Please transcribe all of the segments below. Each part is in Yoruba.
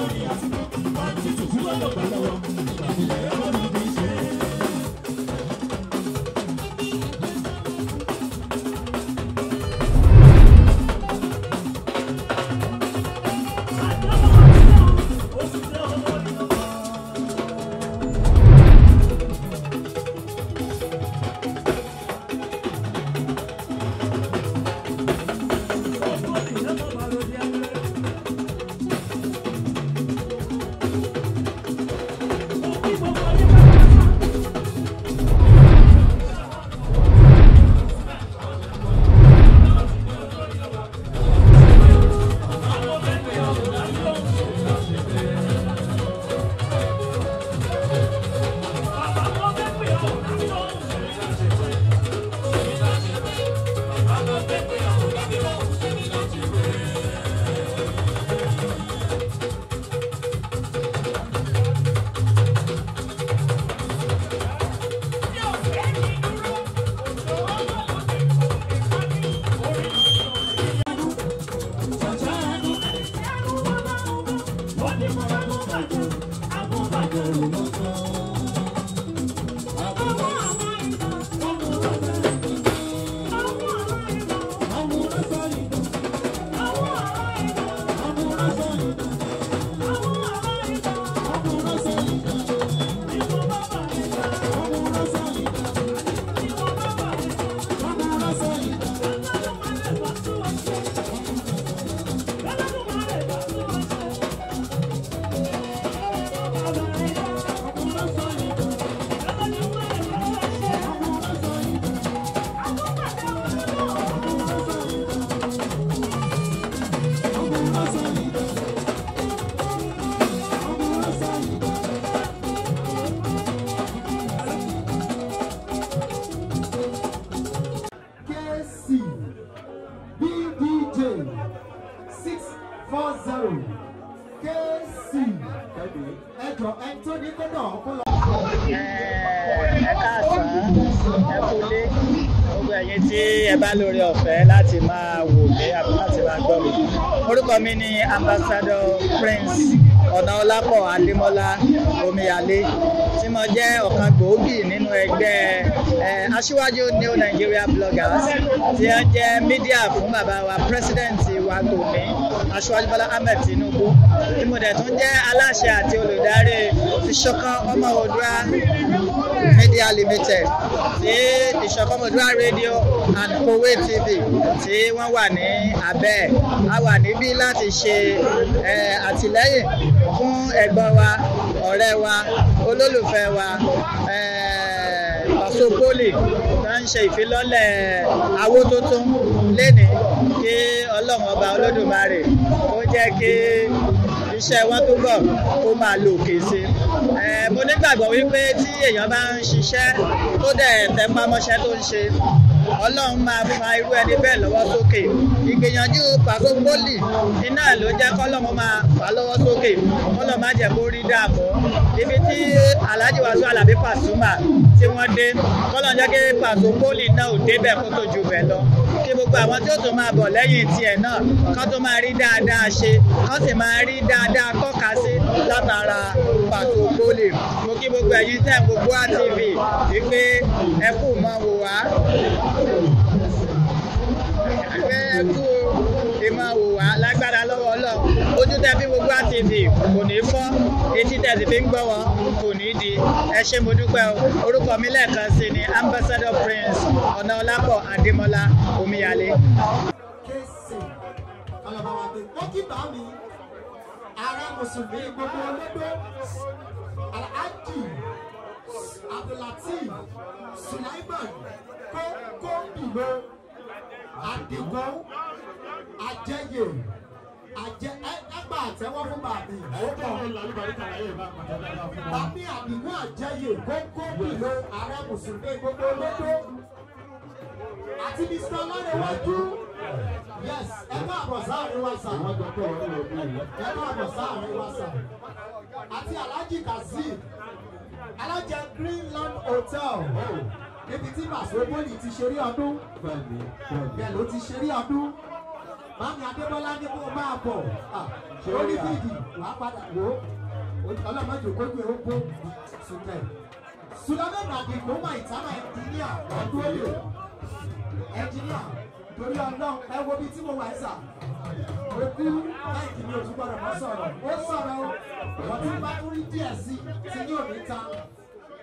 lórí àsìkò wọn ti tù kúrò lọ́gbà lọ́wọ́ 我们。four zero kc ẹjọ ẹni tó ní kó náà kó lọ ẹ̀yin tí ẹ bá lórí ọ̀fẹ́ láti máa wò mí àbí láti máa gbọ́ mi. orúkọ mi ni ambassador Prince Ọ̀nàọlápọ̀ Adémọ́lá Omíyalé tí mo jẹ́ ọ̀kan gbòógì nínú ẹgbẹ́ aṣíwájú New Nigeria Bloggers tí wọ́n jẹ́ mídíà fún bàbá wa president wa Gòmí aṣíwájú Bọ́lá Ahmed Tinubu tí mo dẹ̀ tún jẹ́ aláṣẹ àti olùdarí Ìṣọ̀kan Ọmọ Oòduà Media Limited tí Ìṣọ̀kan-Òmòdúà Radio and Kowé TV tí wọ́n wà ní abẹ́ a wà níbí láti ṣe àtìlẹ́yìn fún ẹ̀gbọ́n wa ọ̀rẹ́ wa olólùfẹ́ wa Paso Poly tó ń ṣe ìfilọ́lẹ̀ awó tuntun lénìí kí Ọlọ́run ọba Olódùmarè ó jẹ́ kí iṣẹ́ wa tó bọ̀ kó máa lo òkè sí i mo nígbàgbọ́ wípé tí èèyàn bá ń ṣiṣẹ́ tó dẹ̀ tẹpámọ́ṣẹ́ tó ń ṣe ọlọ́run máa fa irú ẹni bẹ́ẹ̀ lọ́wọ́ sókè ìgbìyànjú pàṣẹ pólì iná ló jẹ́ kọ́lọ́mọ máa fà lọ́wọ́ sókè kọ́lọ́ má jẹ́ kó rí dààbọ̀ ibi tí Alhaji Wasiu Alabi Pasuma tí wọ́n dé kọ́lọ́ jẹ́ kí pàṣẹ pólì náà ò débẹ̀ kó tó ju bẹ̀ lọ àti gbogbo àwọn tí ó tún máa bọ̀ lẹ́yìn tiẹ̀ náà kán tó máa rí dáadáa ṣe kán sì máa rí dáadáa kọ́ka sí látara pàtó pólì mo kí gbogbo ẹ̀yin tẹ̀ gbogbo ATV wípé ẹ kú mọ́ wò wá ẹ kú ìmọ̀ wò wá lágbára lọ́wọ́ tẹ́ fi gbogbo TV kò ní fọ́ etí tẹ́ sì fi ń gbọ́ wọn kò ní di ẹ ṣé mo dúpẹ́ o orúkọ mi lẹ́ẹ̀kan sí ni ambassador prince ọ̀nàọlápọ̀ adémọlá omíyalé. wọ́n kí bá mi ara mùsùlùmí gbogbo olódó alhaji abdulateef sulaiman kó kó bìbò adigun ajẹyẹ àjẹ ẹgbà àtẹ́wọ́ fún bàbí. ọkọ bàbí àbíkú àjẹyè gógó bìlò ààrẹ mùsùlùmí gbogbo lódó àti mr ọlọ́dẹ̀wájú yes ẹgbẹ́ àbọ̀sá àríwáṣà ẹgbẹ́ àbọ̀sá àríwáṣà àti alhaji kazeem alájẹ greenland hotel oh. níbi tí màsóbólì ti ṣeré ọdún bẹ́ẹ̀ ló ti ṣeré ọdún. Mami Adébọ́lá ní kó máa bọ̀. Orí fídì wà á padà wò ó. Ọlọ́mọdé òkójú ẹ̀ ó gbó Sùlẹ̀. Sùlọ́mọ̀ Nàdì Gbọ́mọ̀ ìtàlá ẹnjìníà ọdún olè. Ẹnjìníà torí ọlọ́run ẹ wo bí tí mo wà ẹ̀sà. Mo kú láìkí ní ojú gbọ́dọ̀ mọ́ sọ̀rọ̀. Ó sọ̀rọ̀ o. Ọ̀tún bá ń rí díẹ̀ sí ti ní òní ta.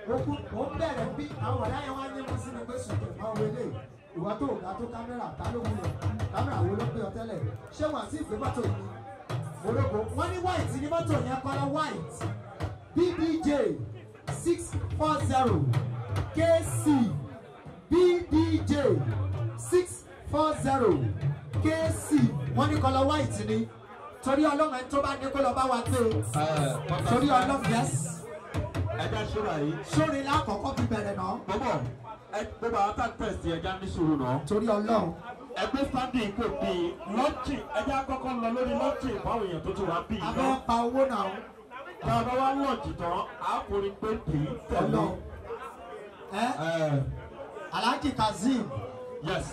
Mo kú mo ń bẹ̀rẹ̀ bí àwọn ọ̀rẹ́ yẹn wá ní mo sínú gbé sùn ìwà tó ga tó kámẹ́rà ta ló wúlò kámẹ́rà wo ló pé ọ tẹ́lẹ̀ ṣé wà sí ìgbé mọ́tò yìí morogo wọ́n ní white ní mọ́tò yẹn kọ́lá white bbj six four zero kc bbj six four zero kc wọ́n ní kọ́lá white ni torí ọlọ́run tó bá ní kó lọ bá wa tó torí ọlọ́run yẹn. ẹ dá sóra yìí. sórin lákọ̀ọ́kọ́ fi bẹ̀rẹ̀ náà gbogbo àwọn táǹtẹ̀ sí ẹja ní sùúrù náà. torí ọlọ́run. ẹgbẹ́ standing kò bí lọ́ọ̀tì ẹja kọ́kọ́ lọ lórí lọ́ọ̀tì báwọn èèyàn tó ti wá bí iná. abẹ́ pa owó náà. tá a bá wá lọ́ọ̀tì tán a kò rí pé kì í tẹ̀lé. Eh. Alhaji Kazeem. yes.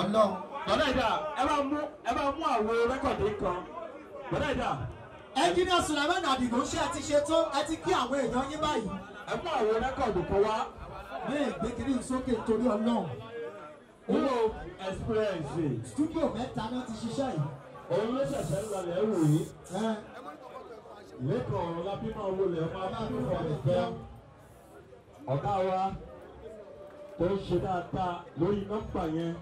ọlọ́run. bọ̀dá ìdá ẹ bá mú ẹ bá mú àwo rẹ́kọ̀dì kan bọ̀dá ìdá. ẹnjìnìà Sulaiman Àdìgún ṣé ẹ ti ṣe tó ẹ ti kí àwọn èèyàn yín báyìí. ẹ mú àwo rẹ́kọ̀dì kan wá bẹ́ẹ̀ gbẹ́kẹ̀lé sókè torí ọlọ́run. owó express. studio mẹ́ta náà ti ṣiṣẹ́ yìí. òun ló ṣẹ̀ṣẹ̀ ń lọlẹ̀ wò yìí. lẹ́kọ̀ọ́ lábí máa wọlé ọmọ abáàbí wọn nìkan. ọ̀gá wa tó ń ṣe dáadáa lórí nọ́mbà yẹn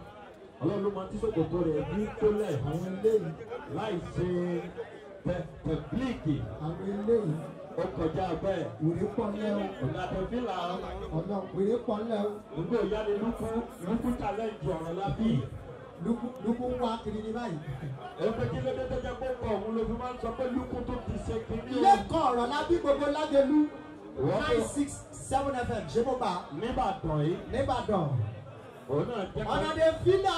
ọlọ́run ló máa ti sọ̀kòtò rẹ̀ ní kólẹ̀ àwọn eléyìí láì ṣe bẹ pẹ̀blíkì. àwọn eléyìí. ó kọjá bẹ́ẹ̀. wèrè pọ́nlẹ́ o. ọ̀làdẹ̀fílà. ọ̀nà wèrè pọ́nlẹ́ o. gbogbo ìyáni lukú lukú challenge ọ̀rọ̀ la bí. lukú lukú wá kiri ní báyìí. ẹgbẹ́ kí lóde tó jẹ́ kókó òun ló fi máa ń sọ pé lukú tó ti ṣe kiri. lẹ́kọ̀ọ́ ọ̀rọ̀ la bí gbogbo lágẹ̀lú. nine six seven fm ṣé mo bá. níbàdàn yìí. níbàdàn. òun náà jẹ́ kó. ọ̀nàdẹ̀fílà.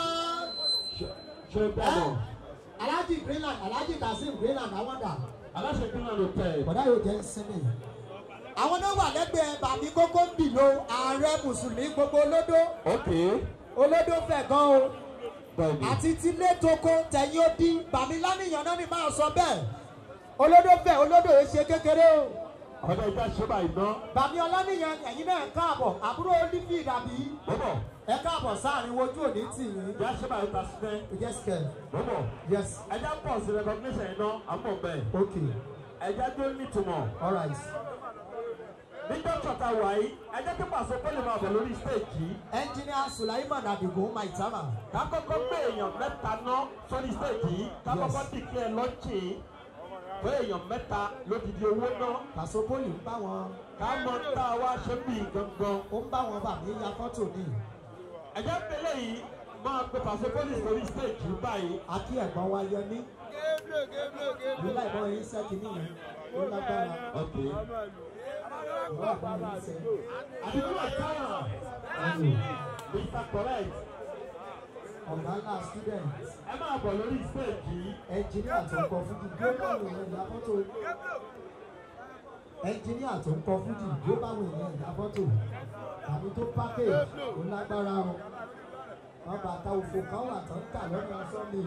ṣe bẹ́ẹ̀ Alhaji Greenland Alhaji Kazeem Greenland àwọn dà. Aláṣẹ Greenland ò tẹ̀. Bọ̀dá yóò jẹ́ sinmi. Àwọn náà wà lẹ́gbẹ̀ẹ́ Bàbí Kókó ń bì lo ààrẹ Mùsùlùmí gbogbo olódó. Olódó fẹ̀ gan o. Àti tílé toko tẹ̀yìn odi Bàmí Lánìyàn náà ni máa sọ bẹ́ẹ̀. Olódó fẹ̀ olódó yẹn ṣe kékeré o ọ̀dọ̀ ìjà ṣọ́bà iná. bàbí ọlọ́nìyàn ẹ̀yin náà káàbọ̀ àbúrò olífì dàbí. bọ́bọ̀. ẹ káàbọ̀ sáàrin wojú òní tì yín. ìjà ṣọ́bà ìta sílẹ̀. yes kẹ. bọ́bọ̀. yes. ẹja pọ̀ sí recognition iná àmọ́ bẹ́ẹ̀. ok. ẹja tó nítumọ̀. all right. nígbà tọ́ta wáyé ẹja tó pàṣẹ pẹ́lú máa bọ̀ lórí stéèjì. ẹnjìnìà Sulaiman Adigun Maitama. kákọ́kọ́ gbé èèyàn mẹ́ta ná sórí stéèjì kákọ́kọ́ dìklẹ̀ lọ́ọ̀kì pé èèyàn mẹ́ta ló ti di owó ná. pàṣẹ ń bá wọn. ká mọ tá a wá ṣe bí gangan. ó ń bá wọn bà mí ya fọ́tò ni. ẹ̀jẹ̀ pẹ̀lẹ́ yìí máa pe pàṣẹ bóòlù sórí stéèjì báyìí. àti ẹ̀gbọ́n wa yẹ mí. nígbà ìbọn yìí sẹ́kì nìyẹn ó lágbára. ọ̀pẹ̀ ìwà àbúrò ìṣe. àbúrò ìṣe. Mr. Correct ọ̀gánlá student. ẹ máa bọ̀ lórí stage yìí. ẹnjìníà tó ń kọ fújì global wẹ̀yẹ̀ ìdáfọ́tò. ẹnjìníà tó ń kọ fújì global wẹ̀yẹ̀ ìdáfọ́tò. àmì tó package ó lágbára o. wọn bàtà òfò kan wà tó ń tà lọ́nà sọ́ọ̀nì.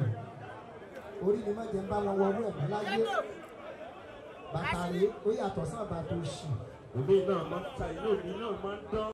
orí ni ń bá wọn wọnú ẹ̀mọ́ láyé. bàtà rèé ó yàtọ̀ sábà tó ṣì. òbí náà máa ń ta inú mi náà máa ń dán.